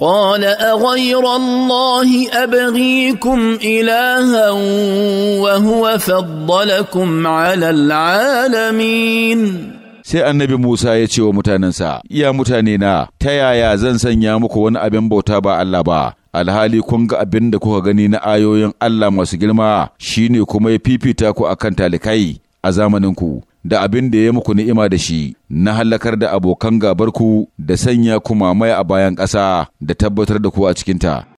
قال اغير الله ابغيكم الها وهو فضلكم على العالمين sai annabi Musa ya ce wa mutanensa, Ya mutane na, ta yaya zan sanya muku wani abin bauta ba Allah ba, alhali kun ga abin da kuka gani na ayoyin Allah masu girma shine kuma ya fifita ku akan talikai a zamaninku. da abin da ya muku ni'ima da shi na hallakar da abokan gabarku da sanya kuma mai a bayan ƙasa da tabbatar da ku a cikinta